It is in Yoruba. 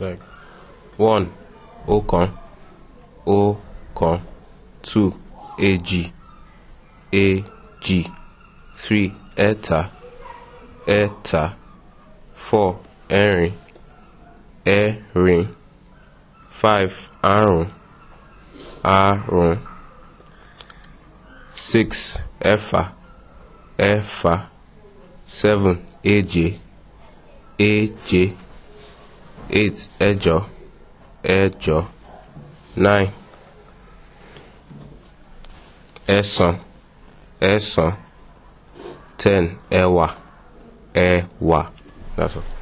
It's one ọ̀kan, ọ̀kan, two èjì, èjì, three ẹ̀ta, ẹ̀ta, four ẹ̀rin, ẹ̀rin, five àrún, àrún, six ẹ̀fà, ẹ̀fà, seven èje, èje. eight ẹ̀jọ ẹ̀jọ nine ẹ̀sán ẹ̀sán ten ẹ̀wá ẹ̀wá. That's all.